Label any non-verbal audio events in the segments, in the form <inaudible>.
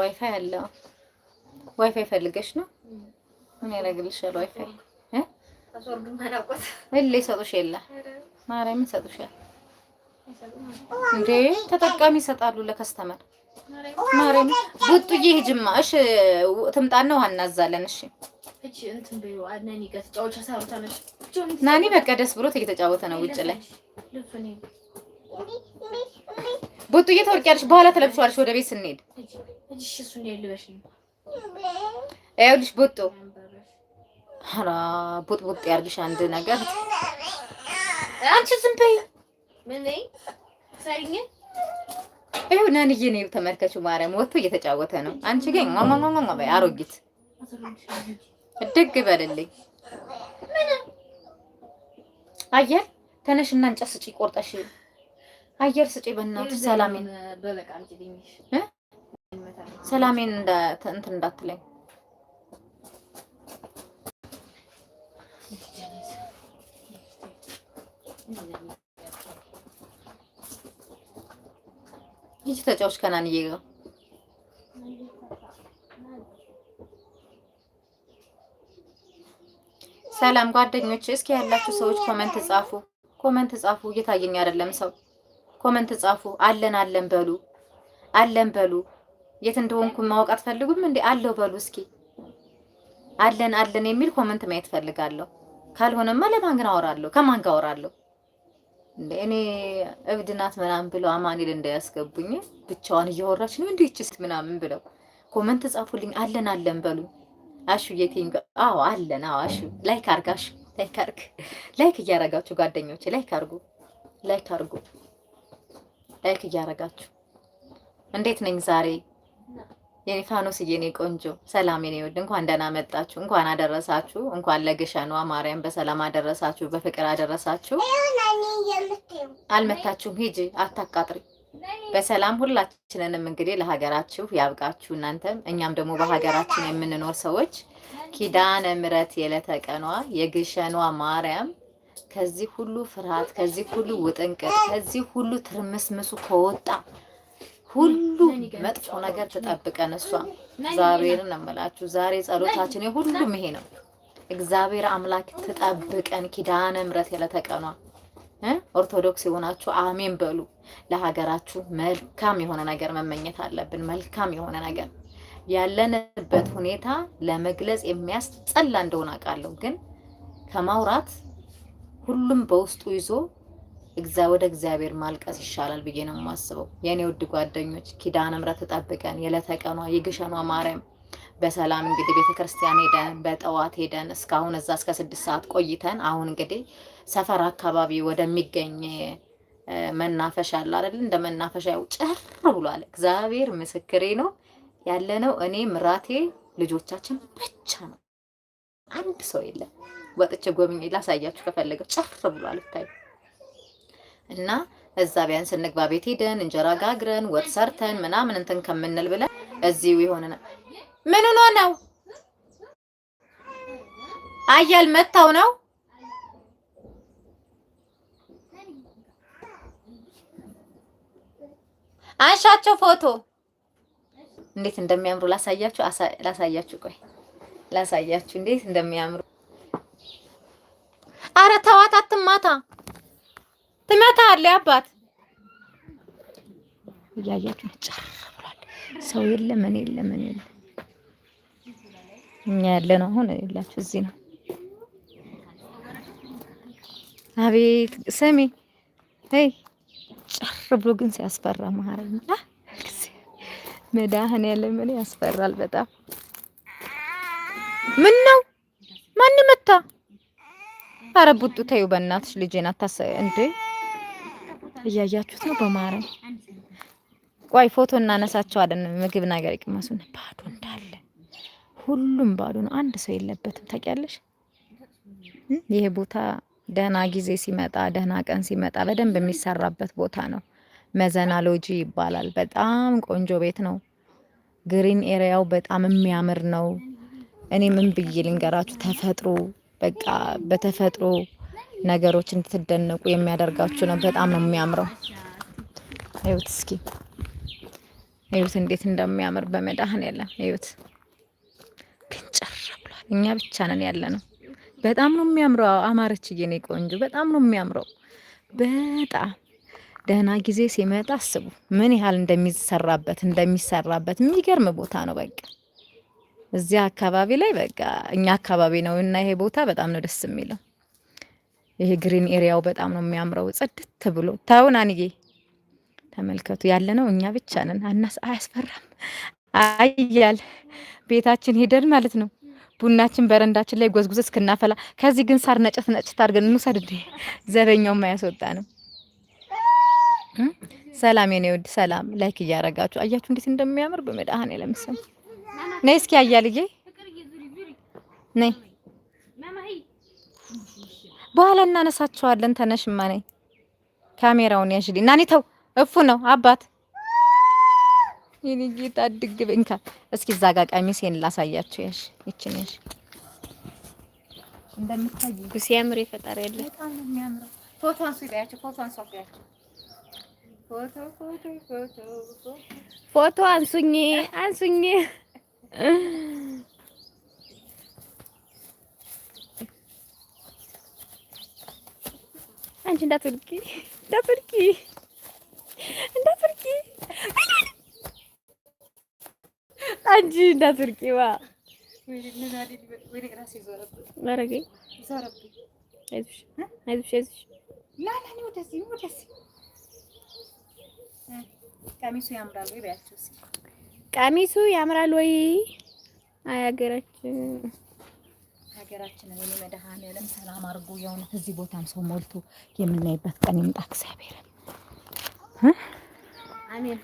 ዋይፋይ አለ። ዋይፋይ ፈልገሽ ነው? እኔ አደርግልሻለሁ። ዋይፋይ እሌ ይሰጡሽ የለ ማርያምን ይሰጡሻል እንዴ? ተጠቃሚ ይሰጣሉ ለከስተመር ማርያም ቡጡዬ ሂጂማ። እሺ ትምጣና ውሃ እናዛለን። እሺ ናኒ በቃ ደስ ብሎት እየተጫወተ ነው ውጭ ላይ ቡጡዬ ተወርቂያለሽ፣ በኋላ ተለብሷልሽ ወደ ቤት ስንሄድ ይኸውልሽ ቡጡ ኧረ ቡጥ ያርግሽ። አንድ ነገር አንቺ ዝም በይ። ምን ሰሪኝ ይኸው ነንዬ ነው ተመልከቹ። ማርያም ወጥቶ እየተጫወተ ነው። አንቺ ግን ማማማማ በይ። አሮጊት እድግ በልልኝ። አየር ተነሽና እንጨት ስጪ ቆርጠሽ አየር ስጪ በእናትሽ ሰላሜን ሰላሜን እንትን እንዳትለኝ። ይቺ ተጫዎች ከናንዬ ጋር ሰላም ጓደኞች፣ እስኪ ያላችሁ ሰዎች ኮመንት ጻፉ፣ ኮመንት ጻፉ። እየታየኝ አይደለም ሰው ኮመንት ጻፉ። አለን አለን በሉ አለን በሉ። የት እንደሆንኩ ማወቅ አትፈልጉም እንዴ? አለው በሉ እስኪ። አለን አለን የሚል ኮመንት ማየት ፈልጋለሁ። ካልሆነማ ለማን ግን አወራለሁ? ከማን ጋር አወራለሁ? እንደ እኔ እብድ ናት ምናምን ብለው አማኔል እንዳያስገቡኝ ብቻዋን እያወራች ነው እንዴ ይችስ ምናምን ብለው ኮመንት ጻፉልኝ። አለን አለን በሉ። አሹ የቴኝ አዎ አለን አዎ አሹ ላይክ አርጋሽ ላይክ አርግ ላይክ እያረጋችሁ ጓደኞቼ ላይክ አርጉ ላይክ አርጉ። ላይክ እያደረጋችሁ እንዴት ነኝ ዛሬ የኒፋኖስ የኔ ቆንጆ ሰላም የኔ ውድ እንኳን ደህና መጣችሁ፣ እንኳን አደረሳችሁ፣ እንኳን ለግሸኗ ማርያም በሰላም አደረሳችሁ፣ በፍቅር አደረሳችሁ። አልመታችሁም፣ ሂጂ አታቃጥሪ። በሰላም ሁላችንንም እንግዲህ ለሀገራችሁ ያብቃችሁ እናንተም እኛም ደግሞ በሀገራችን የምንኖር ሰዎች ኪዳነ ምሕረት የዕለተ ቀኗ የግሸኗ ማርያም ከዚህ ሁሉ ፍርሃት፣ ከዚህ ሁሉ ውጥንቅጥ፣ ከዚህ ሁሉ ትርምስምሱ ከወጣ ሁሉ መጥፎ ነገር ተጠብቀን እሷ እግዚአብሔርን እምላችሁ ዛሬ ጸሎታችን የሁሉም ይሄ ነው። እግዚአብሔር አምላክ ትጠብቀን። ኪዳነ ምሕረት የለተቀኗ ኦርቶዶክስ የሆናችሁ አሜን በሉ። ለሀገራችሁ መልካም የሆነ ነገር መመኘት አለብን። መልካም የሆነ ነገር ያለንበት ሁኔታ ለመግለጽ የሚያስጠላ እንደሆነ አውቃለሁ፣ ግን ከማውራት ሁሉም በውስጡ ይዞ ወደ እግዚአብሔር ማልቀስ ይሻላል ብዬ ነው የማስበው። የእኔ ውድ ጓደኞች ኪዳነ ምሕረት ተጠብቀን የለተቀኗ የግሸኗ ማርያም በሰላም እንግዲህ ቤተ ክርስቲያን ሄደን በጠዋት ሄደን እስካሁን እዛ እስከ ስድስት ሰዓት ቆይተን አሁን እንግዲህ ሰፈር አካባቢ ወደሚገኝ መናፈሻ አለ አይደል? እንደ መናፈሻ ያው ጭር ብሏል። እግዚአብሔር ምስክሬ ነው ያለነው እኔ ምራቴ ልጆቻችን ብቻ ነው። አንድ ሰው የለም። ወጥቼ ጎብኝ ላሳያችሁ ከፈለገ ጭር ብሎ አልታዩ እና እዛ ቢያንስ እንግባ ቤት ሄደን እንጀራ ጋግረን ወጥ ሰርተን ምናምን እንትን ከምንል ብለን እዚሁ የሆነ ምን ሆኖ ነው አያል መታው ነው አንሻቸው ፎቶ እንዴት እንደሚያምሩ ላሳያችሁ ላሳያችሁ ቆይ ላሳያችሁ እንዴት እንደሚያምሩ አረ ተዋት፣ አትማታ። ትመታ አለ አባት እያያችሁ ጫር ብሏል። ሰው የለም እኔ የለም እኔ የለም። እኛ ያለ ነው አሁን የላችሁ እዚህ ነው። አቤት ስሚ ይ ጭር ብሎ ግን ሲያስፈራ መሀረኛ መድኃኒዓለም ያስፈራል በጣም ምን ነው ማን መታ ኧረ ቡጡ ተይው በእናትሽ ልጄን አታሰ እንዴ እያያችሁት ነው። በማርያም ቆይ ፎቶ እናነሳቸዋለን። ምግብ ነገር ይቅመሱን። ባዶ እንዳለ ሁሉም ባዶ ነው። አንድ ሰው የለበትም። ታውቂያለሽ፣ ይሄ ቦታ ደህና ጊዜ ሲመጣ ደህና ቀን ሲመጣ በደንብ የሚሰራበት ቦታ ነው። መዘና ሎጂ ይባላል። በጣም ቆንጆ ቤት ነው። ግሪን ኤሪያው በጣም የሚያምር ነው። እኔ ምን ብዬ ልንገራችሁ ተፈጥሮ በቃ በተፈጥሮ ነገሮች እንድትደነቁ የሚያደርጋችሁ ነው። በጣም ነው የሚያምረው። እዩት እስኪ እዩት እንዴት እንደሚያምር በመድኃኔዓለም እዩት። ግንጭር ብሏል። እኛ ብቻ ነን ያለ ነው። በጣም ነው የሚያምረው። አማረች የኔ ቆንጆ፣ በጣም ነው የሚያምረው። በጣም ደህና ጊዜ ሲመጣ አስቡ ምን ያህል እንደሚሰራበት እንደሚሰራበት የሚገርም ቦታ ነው በቃ እዚያ አካባቢ ላይ በቃ እኛ አካባቢ ነው እና ይሄ ቦታ በጣም ነው ደስ የሚለው። ይሄ ግሪን ኤሪያው በጣም ነው የሚያምረው ጽድት ብሎ ታውን አንዬ ተመልከቱ። ያለ ነው እኛ ብቻ ነን። አናስ አያስፈራም። አያል ቤታችን ሄደን ማለት ነው ቡናችን በረንዳችን ላይ ጎዝጉዘ እስክናፈላ ከዚህ ግን ሳር ነጨት ነጭት አድርገን እንውሰድ እንዴ ዘበኛው ማያስወጣ ነው። ሰላም የኔ ውድ ሰላም። ላይክ እያረጋችሁ አያችሁ እንዴት እንደሚያምር በመድኃኔ ለምሰም ነይ እስኪ አያልዬ ነይ፣ በኋላ እናነሳቸዋለን። ተነሽማ ነይ፣ ካሜራውን ያዥልኝ እና ተው፣ እፉ ነው አባት የኔ ድግብ እንካ እስኪ እዛ ጋ ቀሚሴን ላሳያችሁ። ያሽ ይችን ያሽ እንደምታዩ ሲያምር የፈጣሪ ያለ ፎቶ አንሱ ያያችሁ፣ ፎቶ አንሱ ያያችሁ፣ ፎቶ ፎቶ ፎቶ ፎቶ አንሱኝ አንሱኝ <sighs> አንቺ እንዳትወልቂ እንዳትወልቂ እንዳትወልቂ አንቺ እንዳትወልቂ ዋ አረገኝ አይዞሽ አይዞሽ አይዞሽ ቀሚሱ ያምራል ወይ በያቸው ቀሚሱ ያምራል ወይ? አይ ሀገራችን ሀገራችንን እኔ መድኃኒዓለም ሰላም አድርጎ የሆነ እዚህ ቦታም ሰው ሞልቶ የምናይበት ቀን ይምጣ። እግዚአብሔርን አሜን።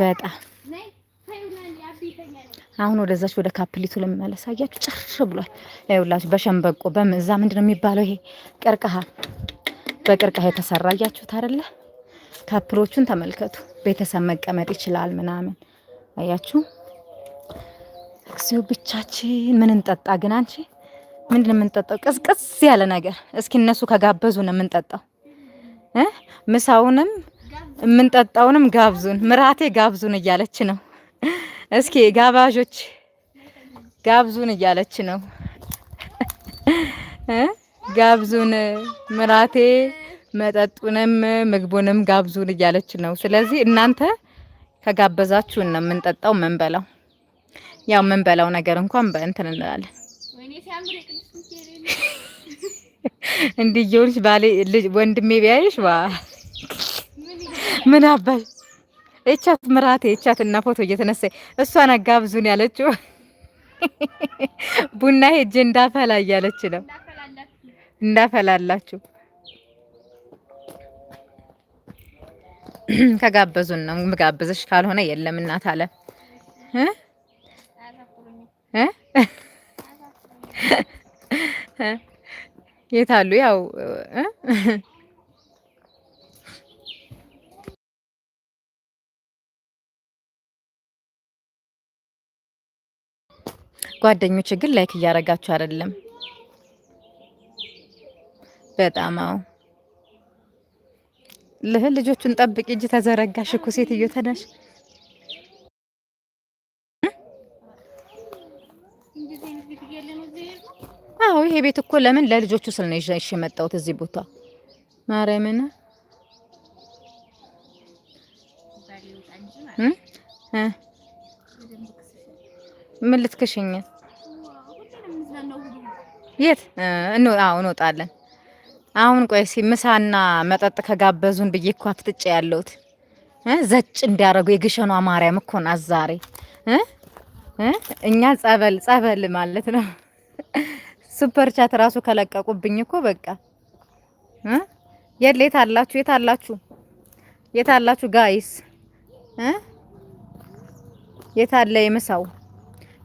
በጣም አሁን ወደዛች ወደ ካፕሊቱ ልመለስ። አያችሁ ጭር ብሏል። ይኸውላችሁ በሸንበቆ በምዛ ምንድነው የሚባለው ይሄ ቀርቀሃ፣ በቀርቀሃ የተሰራ አያችሁት አይደለ? ካፕሎቹን ተመልከቱ። ቤተሰብ መቀመጥ ይችላል ምናምን አያችሁ። እግዚኦ ብቻችን ምን እንጠጣ ግን? አንቺ ምንድን የምንጠጣው ቅዝቅዝ ያለ ነገር እስኪ እነሱ ከጋበዙን የምንጠጣው ምሳውንም የምንጠጣውንም ጋብዙን፣ ምራቴ ጋብዙን እያለች ነው። እስኪ ጋባዦች ጋብዙን እያለች ነው። ጋብዙን ምራቴ መጠጡንም ምግቡንም ጋብዙን እያለች ነው። ስለዚህ እናንተ ከጋበዛችሁን ነው የምንጠጣው የምንበላው። ያው የምንበላው ነገር እንኳን በእንትን እንላለን። <laughs> እንዲህ እየሆንሽ ባሌ ልጅ ወንድሜ ቢያይሽ ዋ ምን አባሽ እቻት ምራቴ እቻት እና ፎቶ እየተነሳ እሷን አጋብዙን ያለችው <laughs> ቡና ሄጄ እንዳፈላ እያለች ነው እንዳፈላላችሁ ከጋበዙን ነው ምጋብዝሽ፣ ካልሆነ የለም እናት አለ። የታሉ ያው ጓደኞች ግን ላይክ እያደረጋችሁ አይደለም። በጣም አዎ ልህን ልጆቹን ጠብቂ፣ እጅ ተዘረጋሽ እኮ ሴትዮ ተነሽ። አዎ ይሄ ቤት እኮ ለምን ለልጆቹ ስል ነው ይዤ የመጣሁት እዚህ ቦታ ማርያምን ምን ልትክሽኝ? የት እንወጣለን? አሁን ቆይ እስኪ ምሳና መጠጥ ከጋበዙን ብዬ እኮ አፍጥጬ ያለሁት ዘጭ እንዲያደርጉ የግሸኗ ማርያም እኮ ናት ዛሬ እኛ ጸበል ጸበል ማለት ነው። ሱፐር ቻት ራሱ ከለቀቁብኝ እኮ በቃ የለ። የት አላችሁ? የት አላችሁ? የት አላችሁ ጋይስ? የት አለ የምሳው?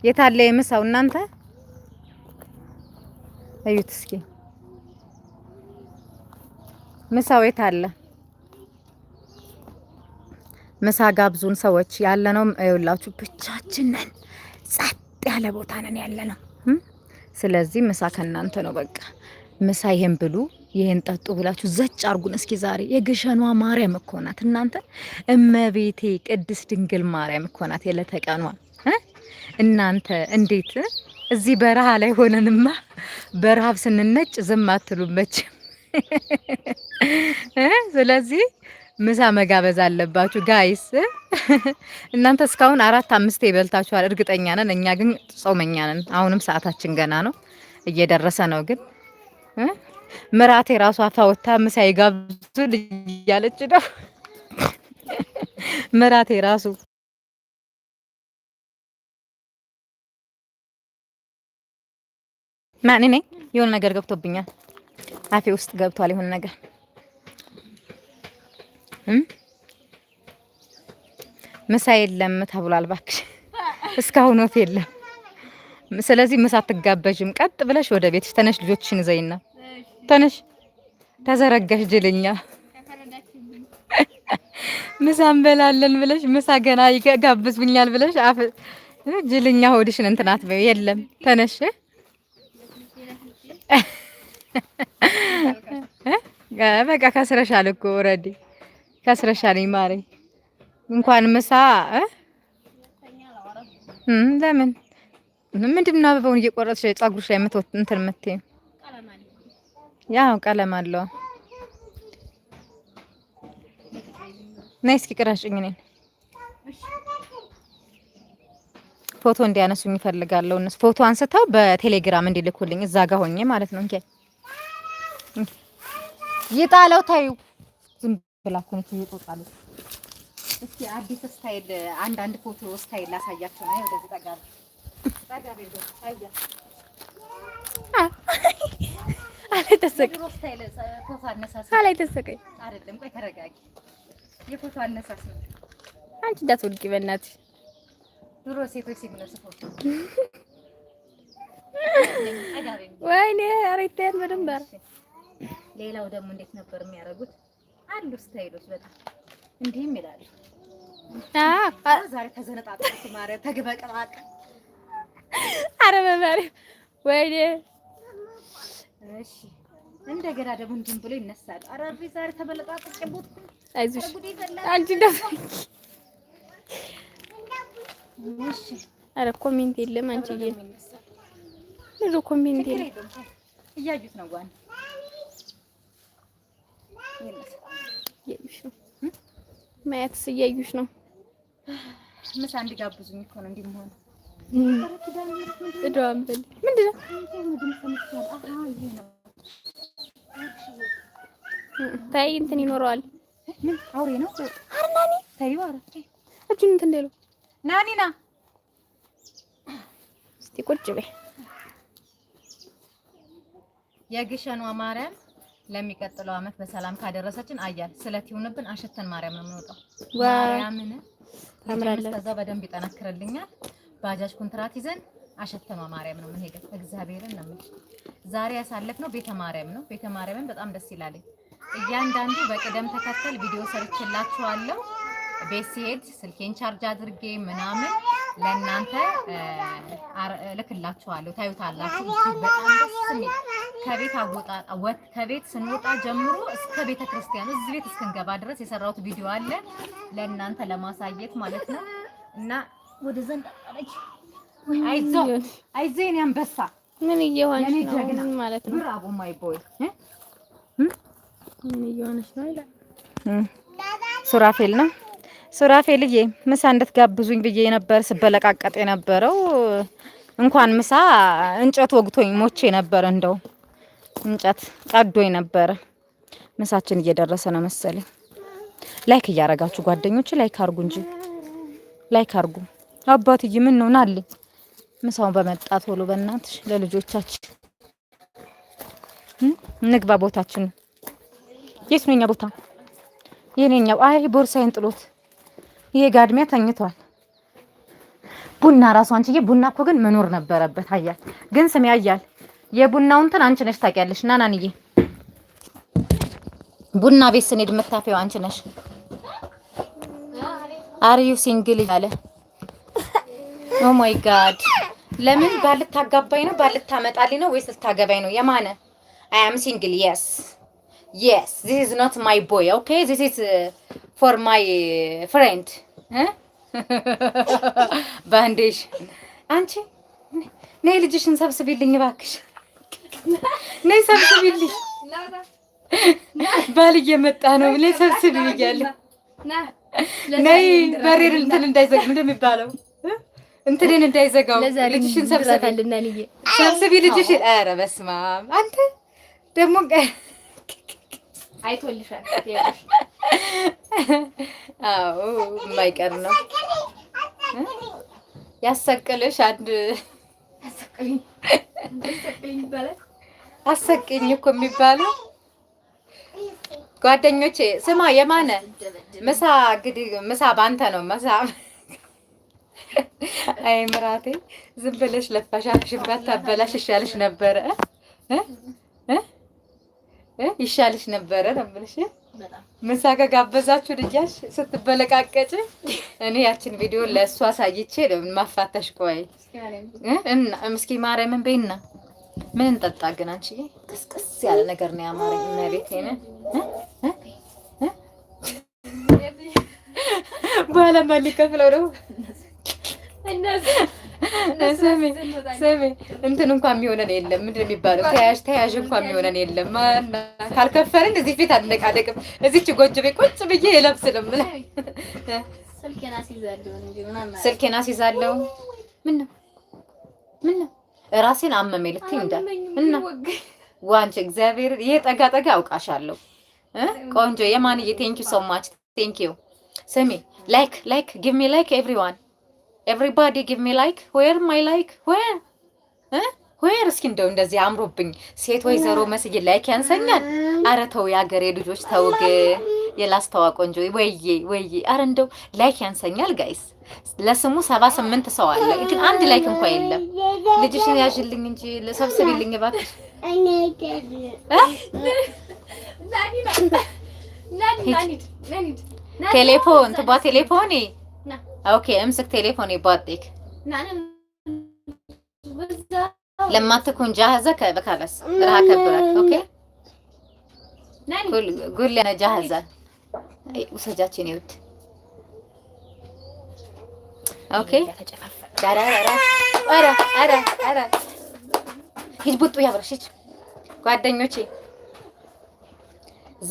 የት አለ የምሳው? እናንተ እዩት እስኪ ምሳዌት አለ ምሳ ጋብዙን ሰዎች ያለ ነው ይውላችሁ፣ ብቻችንን ጸጥ ያለ ቦታ ነን ያለ ነው። ስለዚህ ምሳ ከእናንተ ነው። በቃ ምሳ ይሄን ብሉ፣ ይሄን ጠጡ ብላችሁ ዘጭ አርጉን። እስኪ ዛሬ የግሸኗ ማርያም እኮ ናት እናንተ። እመቤቴ ቅድስት ድንግል ማርያም እኮ ናት የለተቀኗ እናንተ እንዴት እዚህ በረሃ ላይ ሆነንማ በረሃብ ስንነጭ ዝም አትሉመችም። ስለዚህ ምሳ መጋበዝ አለባችሁ ጋይስ። እናንተ እስካሁን አራት አምስት ይበልታችኋል እርግጠኛ ነን። እኛ ግን ጾመኛ ነን። አሁንም ሰዓታችን ገና ነው፣ እየደረሰ ነው። ግን ምራቴ ራሷ አፋወታ ምሳ ይጋብዙ እያለች ነው። ምራቴ ራሱ ማን ነኝ የሆነ ነገር ገብቶብኛል። አፌ ውስጥ ገብቷል ይሁን ነገር ምሳ የለም ተብሏል። እባክሽ እስካሁን ወፍ የለም። ስለዚህ ምሳ አትጋበዥም። ቀጥ ብለሽ ወደ ቤትሽ ተነሽ፣ ልጆችሽን ዘይና ተነሽ። ተዘረጋሽ ጅልኛ ምሳ እንበላለን ብለሽ ምሳ ገና ይጋብዝብኛል ብለሽ አፍ ጅልኛ ሆድሽን እንትናት የለም ተነሽ በቃ ከስረሻል እኮ ኦልሬዲ ከስረሻል። ማሪ እንኳን ምሳ ለምን ምንድን ነው አበባውን እየቆረጥሽ ፀጉርሽ ላይ የምትወጥ እንትን የምትይው? ያው ቀለም አለው። ነይ እስኪ ቅረጭኝ፣ እኔን ፎቶ እንዲያነሱኝ እፈልጋለሁ። እነሱ ፎቶ አንስተው በቴሌግራም እንዲልኩልኝ እዛ ጋር ሆኜ ማለት ነው። እንኪ ይጣለው ታዩ ዝም ብላ እኮ ነች እስቲ አዲስ ስታይል አንድ አንድ ፎቶ ስታይል ላሳያችሁ ነው። ወደዚህ ጠጋ ጠጋ አይደለም። ቆይ ተረጋጊ። የፎቶ አነሳስ ነው። አንቺ እንዳትወድቂ በእናትሽ። ድሮ ሴቶች ፎቶ ወይኔ ሌላው ደግሞ እንዴት ነበር የሚያደርጉት? አሉ ስታይሎች በጣም እንዲህም ይላሉ። ዛሬ ተዘነጣጣች ማረ ተግበቅባቅ። አረ በማርያም ወይኔ! እሺ እንደገና ደግሞ እንዲህም ብሎ ይነሳል። አረ እቤት ዛሬ ተበለጣጥቄ ቦት። አይዞሽ አንቺ እንደፈለግ። እሺ አረ ኮሜንት የለም አንቺዬ፣ ምሩ ኮሜንት የለም። እያዩት ነው ጓን ማየት ስያዩሽ ነው። ምሳ አንድ ጋብዙኝ እኮ ነው እንዲህ መሆን እደዋን በል ምንድን ታይ እንትን ይኖረዋል። ምን አውሬ ነው አርናኒ ታይ ዋራ እጁን እንትን እንደሉ ናኒና እስቲ ቁጭ በይ የግሸኗ ማርያም ለሚቀጥለው አመት በሰላም ካደረሰችን አያል ስለት ይሁንብን አሸተን ማርያም ነው የምንወጣው። ማርያምን ታምራለች። ከዛ በደንብ ይጠነክርልኛል። ባጃጅ ኮንትራት ይዘን አሸተማ ማርያም ነው የምንሄደው። እግዚአብሔርን ነው ዛሬ ያሳለፍነው ቤተ ማርያም ነው። ቤተ ማርያምን በጣም ደስ ይላል። እያንዳንዱ በቅደም ተከተል ቪዲዮ ሰርችላችኋለሁ። ቤት ሲሄድ ስልኬን ቻርጅ አድርጌ ምናምን ለእናንተ ልክላችኋለሁ። ታዩታላችሁ። በጣም ደስ የሚል ከቤት አወጣጥ ከቤት ስንወጣ ጀምሮ እስከ ቤተ ክርስቲያን እዚህ ቤት እስክንገባ ድረስ የሰራሁት ቪዲዮ አለ ለእናንተ ለማሳየት ማለት ነው። እና ወደ ዘንድ አጣለች። አይዞ አይዞ የኔ አንበሳ ምን እየሆነሽ ነው ማለት ነው? ብራቮ ማይ ቦይ ምን እየሆነሽ ነው ይላል። ሱራፌል ነው ሱራፌልዬ፣ ምሳ እንድትጋብዙኝ ብዬ ነበር ስበለቃቀጥ የነበረው እንኳን ምሳ እንጨት ወግቶኝ ሞቼ ነበር እንደው እንጨት ቀዶኝ ነበረ። ምሳችን እየደረሰ ነው መሰለኝ። ላይክ እያረጋችሁ ጓደኞች ላይክ አርጉ እንጂ ላይክ አርጉ። አባትዬ ምን ነው ናል ምሳውን በመጣ ቶሎ በእናትሽ ለልጆቻችን ንግባ። ቦታችን የት ነው? የኛ ቦታ የኔኛው። አይ ቦርሳዬን ጥሎት ይሄ ጋድሚያ ተኝቷል። ቡና ራሱ አንቺዬ፣ ቡና እኮ ግን መኖር ነበረበት። አያል ግን ስሜ የቡናው እንትን አንቺ ነሽ ታውቂያለሽ። ና ናንዬ ቡና ቤት ስንሄድ የምታፈው አንቺ ነሽ። አር ዩ ሲንግል ያለ ኦ ማይ ጋድ። ለምን ባልታጋባኝ ነው? ባልታመጣልኝ ነው ወይስ ልታገባኝ ነው? የማነ አይ አም ሲንግል የስ የስ ዚስ ኢዝ ኖት ማይ ቦይ ኦኬ ዚስ ኢዝ ፎር ማይ ፍሬንድ ባንዴሽ አንቺ ነይ ልጅሽን ሰብስቢልኝ እባክሽ። ነይ ሰብስቢልኝ፣ ባል እየመጣ ነው። ነይ ሰብስቢ ብያለሁ። ነይ በሬን እንትን እንዳይዘግ ምንድን የሚባለው እንትንን እንዳይዘጋው ልጅሽን ሰብስቢ፣ ልጅሽን። ኧረ በስመ አብ አንተ ደግሞ አይቶልሻል። አዎ የማይቀር ነው ያሰቅልሽ አንድ አሰቀኝ እኮ የሚባለው ጓደኞቼ። ስማ የማነ ምሳ እንግዲህ ምሳ ባንተ ነው ምሳ። አይ ምራቴ ዝም ብለሽ ለፋሻሽበት ታበላሽ ይሻልሽ ነበረ እ እ ይሻልሽ ነበረ ነው የምልሽ ምሳ ከጋበዛችሁ ልጃሽ ስትበለቃቀጭ እኔ ያችን ቪዲዮ ለእሷ አሳይቼ ማፋተሽ። ቆይ እስኪ ማርያምን በይና ምን እንጠጣ ግን አንቺ ቅስቅስ ያለ ነገር ነው ያማረኝ። እና ቤት ነ በኋላ ማን ሊከፍለው ነው? እንትን እንኳን የሚሆነን የለም። ምንድን የሚባለው? ተያዥ ተያዥ እንኳን የሚሆነን የለም። ካልከፈልን እዚህ ፊት አልነቃደቅም። እዚች ጎጆ ቤት ቁጭ ብዬ የለብስልም። ስልኬን አስይዛለሁ። ምን ነው ምን ነው ልትይ እንዳል እና ዋንች እግዚአብሔር ይሄ ጠጋ ጠጋ አውቃሻለሁ። ቆንጆ የማንዬ ቴንኪው ሶ ማች ቴንኪው። ስሚ ላይክ ላይክ ጊቭ ሚ ላይክ ኤቭሪዋን ኤቭሪባዲ ጊቭ ሚ ላይክ ዌር ማይ ላይክ ዌር ዌር። እስኪ እንደው እንደዚህ አምሮብኝ ሴት ወይዘሮ መስዬ ላይክ ያንሰኛል። አረ ተው የአገሬ ልጆች ተው፣ የላስተዋ ቆንጆ ወይዬ ወይዬ። አረ እንደው ላይክ ያንሰኛል ጋይስ። ለስሙ ሰባ ስምንት ሰው አለ፣ ግን አንድ ላይክ እንኳ የለም። ልጅሽን ያዥልኝ እንጂ ሰብስቢልኝ እባክሽ። ቴሌፎን ትቧ ቴሌፎኔ Okay, امسك تليفوني بوطيك لما تكون جاهزة كذا خلاص راح اكبرك اوكي قول قول لي انا جاهزة وسجاتشي نيوت اوكي ዳራ ዳራ አራ አራ አራ ሂጅ ቡጡ ያብረሽ ሂጅ። ጓደኞቼ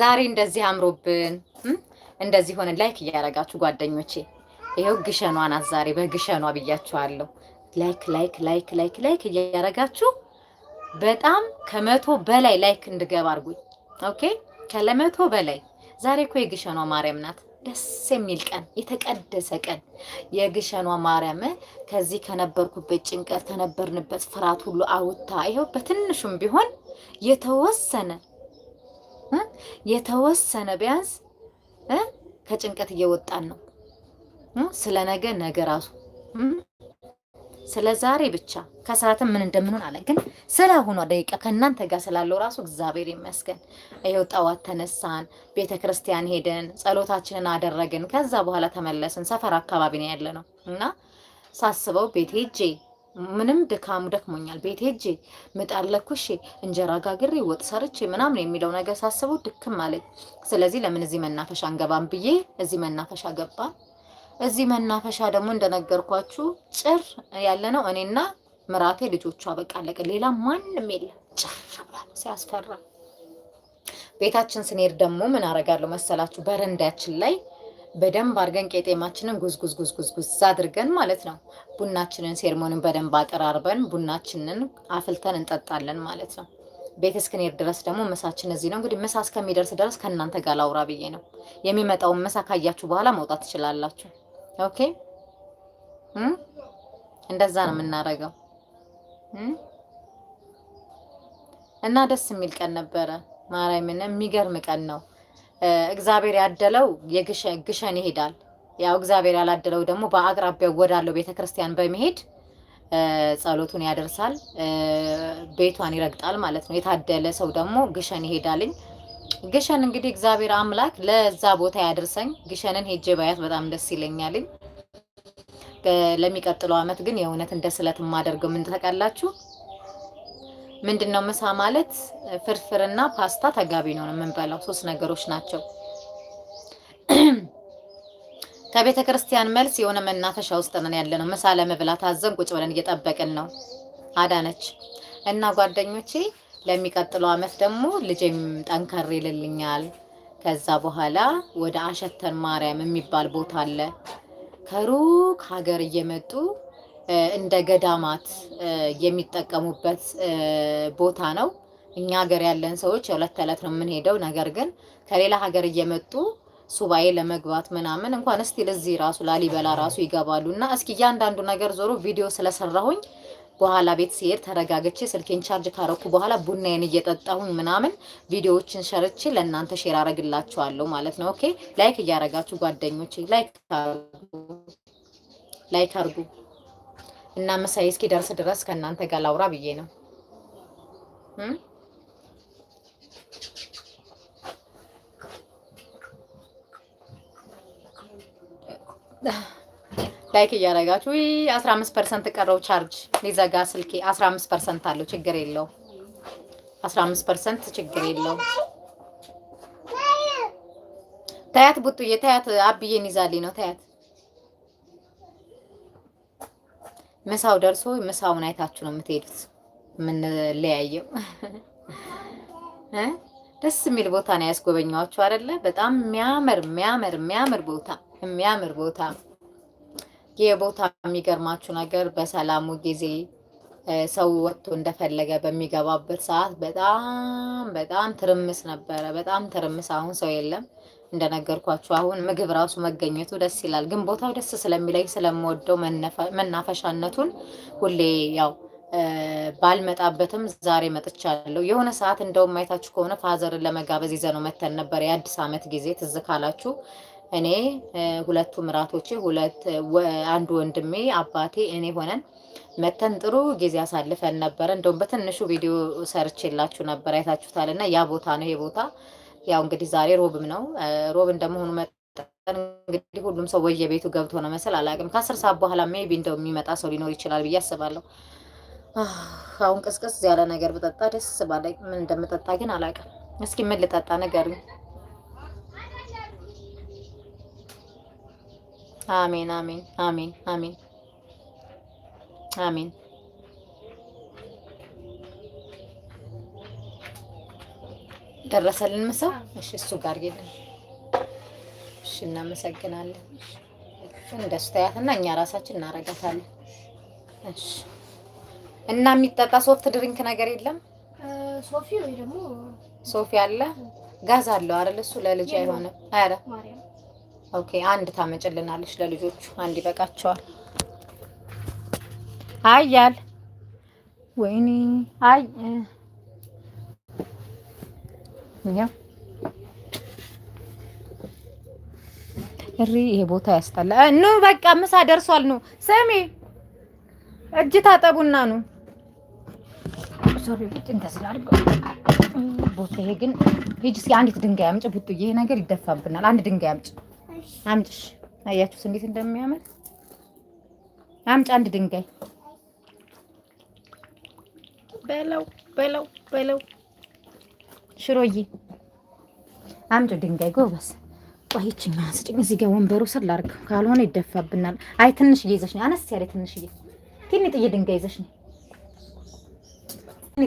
ዛሬ እንደዚህ አምሮብን እንደዚህ ሆነን ላይክ እያደረጋችሁ ጓደኞቼ ይኸው ግሸኗ ናት ዛሬ በግሸኗ ብያችኋለሁ። ላይክ ላይክ ላይክ ላይክ ላይክ እያረጋችሁ በጣም ከመቶ በላይ ላይክ እንድገባ አድርጉኝ። ኦኬ ከለመቶ በላይ ዛሬ እኮ የግሸኗ ማርያም ናት። ደስ የሚል ቀን፣ የተቀደሰ ቀን የግሸኗ ማርያም ከዚህ ከነበርኩበት ጭንቀት ከነበርንበት ፍርሃት ሁሉ አውታ ይኸው በትንሹም ቢሆን የተወሰነ የተወሰነ ቢያንስ ከጭንቀት እየወጣን ነው። ስለ ነገ ነገ ራሱ ስለ ዛሬ ብቻ ከሰዓትም ምን እንደምንሆን አለ። ግን ስለ ሆኖ ደቂቃ ከእናንተ ጋር ስላለው ራሱ እግዚአብሔር ይመስገን። ይኸው ጠዋት ተነሳን፣ ቤተ ክርስቲያን ሄደን ጸሎታችንን አደረግን። ከዛ በኋላ ተመለስን። ሰፈር አካባቢ ነው ያለ ነው እና ሳስበው ቤት ሄጄ ምንም ድካሙ ደክሞኛል። ቤት ሄጄ ምጣድ ለኩሼ እንጀራ ጋግሬ ወጥ ሰርቼ ምናምን የሚለው ነገር ሳስበው ድክም አለኝ። ስለዚህ ለምን እዚህ መናፈሻ እንገባም ብዬ እዚህ መናፈሻ ገባን። እዚህ መናፈሻ ደግሞ እንደነገርኳችሁ ጭር ያለ ነው። እኔና ምራቴ ልጆቿ በቃ አለቀ። ሌላ ማንም የለም። ጭር ብሏል፣ ሲያስፈራ። ቤታችን ስንሄድ ደግሞ ምን አረጋለሁ መሰላችሁ? በረንዳችን ላይ በደንብ አድርገን ቄጤማችንን ጉዝጉዝ ጉዝጉዝ አድርገን ማለት ነው ቡናችንን ሴርሞንን በደንብ አቀራርበን ቡናችንን አፍልተን እንጠጣለን ማለት ነው። ቤት እስክንሄድ ድረስ ደግሞ ምሳችን እዚህ ነው። እንግዲህ ምሳ እስከሚደርስ ድረስ ከእናንተ ጋር ላውራ ብዬ ነው የሚመጣውን ምሳ ካያችሁ በኋላ መውጣት ትችላላችሁ። ኦኬ እንደዛ ነው የምናደርገው እና ደስ የሚል ቀን ነበረ። ማርያምን የሚገርም ቀን ነው። እግዚአብሔር ያደለው ግሸን ይሄዳል። ያው እግዚአብሔር ያላደለው ደግሞ በአቅራቢያው ወዳለው ቤተክርስቲያን በመሄድ ጸሎቱን ያደርሳል፣ ቤቷን ይረግጣል ማለት ነው። የታደለ ሰው ደግሞ ግሸን ይሄዳልኝ። ግሸን እንግዲህ እግዚአብሔር አምላክ ለዛ ቦታ ያደርሰኝ። ግሸንን ሄጄ ባያት በጣም ደስ ይለኛልኝ። ለሚቀጥለው አመት ግን የእውነት እንደ ስለት የማደርገው ምን ታውቃላችሁ? ምንድነው ምሳ ማለት ፍርፍርና ፓስታ ተጋቢ ነው የምንበላው። ሶስት ነገሮች ናቸው። ከቤተ ክርስቲያን መልስ የሆነ መናፈሻ ውስጥ ነን ያለ ነው። ምሳ ለመብላት አዘን ቁጭ ብለን እየጠበቅን ነው አዳነች እና ጓደኞቼ ለሚቀጥለው አመት ደግሞ ልጄም ጠንከር ይልልኛል። ከዛ በኋላ ወደ አሸተን ማርያም የሚባል ቦታ አለ። ከሩቅ ሀገር እየመጡ እንደ ገዳማት የሚጠቀሙበት ቦታ ነው። እኛ ሀገር ያለን ሰዎች የሁለት ተዕለት ነው የምንሄደው። ነገር ግን ከሌላ ሀገር እየመጡ ሱባኤ ለመግባት ምናምን እንኳን እስቲ ለዚህ ራሱ ላሊበላ ራሱ ይገባሉ። እና እስኪ እያንዳንዱ ነገር ዞሮ ቪዲዮ ስለሰራሁኝ በኋላ ቤት ሲሄድ ተረጋግቼ ስልኬን ቻርጅ ካረኩ በኋላ ቡናዬን እየጠጣሁኝ ምናምን ቪዲዮዎችን ሸርቼ ለእናንተ ሼር አረግላችኋለሁ ማለት ነው። ኦኬ ላይክ እያረጋችሁ ጓደኞቼ ላይክ አርጉ እና ምሳዬ እስኪ ደርስ ድረስ ከእናንተ ጋር ላውራ ብዬ ነው። ላይክ እያደረጋችሁ ወይ 15 ፐርሰንት ቀረው ቻርጅ ሊዘጋ ስልኬ 15 ፐርሰንት አለው ችግር የለው 15 ፐርሰንት ችግር የለው ታያት ቡጡዬ ታያት አብዬን ይዛልኝ ነው ታያት ምሳው ደርሶ ምሳውን አይታችሁ ነው የምትሄዱት የምንለያየው <laughs> ደስ የሚል ቦታ ነው ያስጎበኘዋችሁ አይደለ በጣም የሚያምር የሚያምር የሚያምር ቦታ የሚያምር ቦታ የቦታ የሚገርማችሁ ነገር በሰላሙ ጊዜ ሰው ወጥቶ እንደፈለገ በሚገባበት ሰዓት በጣም በጣም ትርምስ ነበረ። በጣም ትርምስ። አሁን ሰው የለም እንደነገርኳችሁ። አሁን ምግብ ራሱ መገኘቱ ደስ ይላል። ግን ቦታው ደስ ስለሚለኝ ስለምወደው መናፈሻነቱን ሁሌ ያው ባልመጣበትም ዛሬ መጥቻለሁ። የሆነ ሰዓት እንደውም አይታችሁ ከሆነ ፋዘርን ለመጋበዝ ይዘነው መተን ነበር የአዲስ ዓመት ጊዜ ትዝ ካላችሁ እኔ ሁለቱ ምራቶቼ ሁለት አንድ ወንድሜ አባቴ እኔ ሆነን መተን ጥሩ ጊዜ አሳልፈን ነበረ። እንደውም በትንሹ ቪዲዮ ሰርቼላችሁ ነበር አይታችሁታል። እና ያ ቦታ ነው ይሄ ቦታ ያው እንግዲህ ዛሬ ሮብም ነው። ሮብ እንደመሆኑ መጠን እንግዲህ ሁሉም ሰው ቤቱ ገብቶ ነው መሰል አላውቅም። ከአስር ሰዓት በኋላ ሜቢ እንደው የሚመጣ ሰው ሊኖር ይችላል ብዬ አስባለሁ። አሁን ቅስቅስ ያለ ነገር ብጠጣ ደስ ባለ ምን እንደምጠጣ ግን አላውቅም። እስኪ ምን ልጠጣ ነገር አሜን አሜን አሜን አሜን አሜን። ደረሰልን ምሳ። እሺ፣ እሱ ጋር ሄደን እሺ፣ እናመሰግናለን። እንደሱ ታያትና እኛ ራሳችን እናረጋታለን። እሺ። እና የሚጠጣ ሶፍት ድሪንክ ነገር የለም። ሶፊ ወይ ደግሞ ሶፊ አለ ጋዝ አለው አይደል? እሱ ለልጅ አይሆንም። አረ ኦኬ አንድ ታመጭልናለች ለልጆቹ አንድ ይበቃቸዋል። አያል ወይኒ አይ ያው እሪ ይሄ ቦታ ያስጠላ። ኑ በቃ ምሳ ደርሷል። ነው ስሚ እጅ ታጠቡና ነው ሶሪ ቦታ ይሄ ግን ሂጂ እስኪ አንዲት ድንጋይ አምጪ ቡጡዬ ይሄ ነገር ይደፋብናል። አንድ ድንጋይ አምጪ አምጭሽ። አያችሁት እንዴት እንደሚያምር አምጭ። አንድ ድንጋይ በለው በለው በለው። ሽሮዬ አምጭ ድንጋይ ጎበስ። ቆይ ይችኛዋ ስጭኝ። እዚህ ጋር ወንበሩ ስር ላድርገው፣ ካልሆነ ይደፋብናል። አይ ትንሽ ይዘሽ ነው፣ አነስ ያለ ትንሽ ትንሽዬ ጥዬ ድንጋይ ይዘሽ ነው።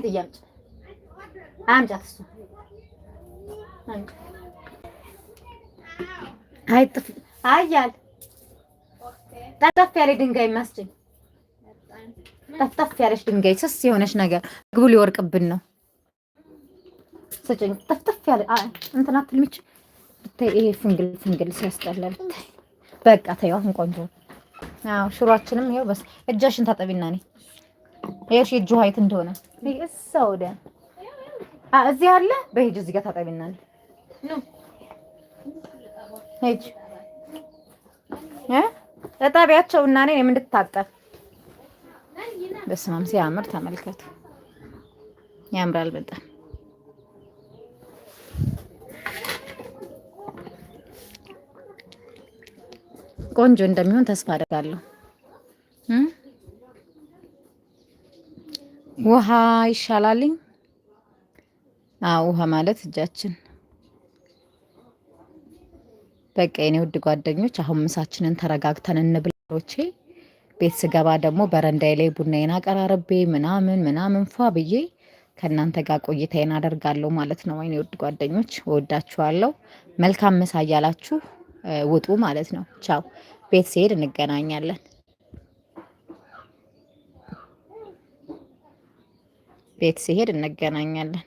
ጥዬ አምጭ አምጫት እሱ አይጥፍ አያል ጠፍጠፍ ያለ ድንጋይ ማስጭኝ ጠፍጠፍ ያለች ድንጋይ ስስ የሆነች ነገር ግቡ ሊወርቅብን ነው። ስጭኝ። ጠፍጠፍ ያለ እንትን አትልሚች ብታይ ይሄ ፍንግል ፍንግል ሲያስጠላ ብታይ። በቃ ተይው። አሁን ቆንጆ አዎ፣ ሽሯችንም ይኸው። በስ እጃሽን ታጠቢና ነኝ ይኸውሽ፣ የእጅ ውሃ የት እንደሆነ እሰው ወደ እዚህ አለ። በሂጅ እዚህ ጋር ታጠቢና ነኝ ሂጅ እ እጠቢያቸው እና እኔ የምንድታጠብ በስማም ሲያምር ተመልከቱ። ያምራል በጣም ቆንጆ እንደሚሆን ተስፋ አደርጋለሁ። ውሃ ይሻላልኝ። ውሃ ማለት እጃችን በቃ የኔ ውድ ጓደኞች አሁን ምሳችንን ተረጋግተን እንብላሮቼ ቤት ስገባ ደግሞ በረንዳይ ላይ ቡናዬን አቀራርቤ ምናምን ምናምን ፏ ብዬ ከእናንተ ጋር ቆይታዬን አደርጋለሁ ማለት ነው። ወይኔ ውድ ጓደኞች ወዳችኋለሁ። መልካም ምሳ እያላችሁ ውጡ ማለት ነው። ቻው። ቤት ስሄድ እንገናኛለን። ቤት ስሄድ እንገናኛለን።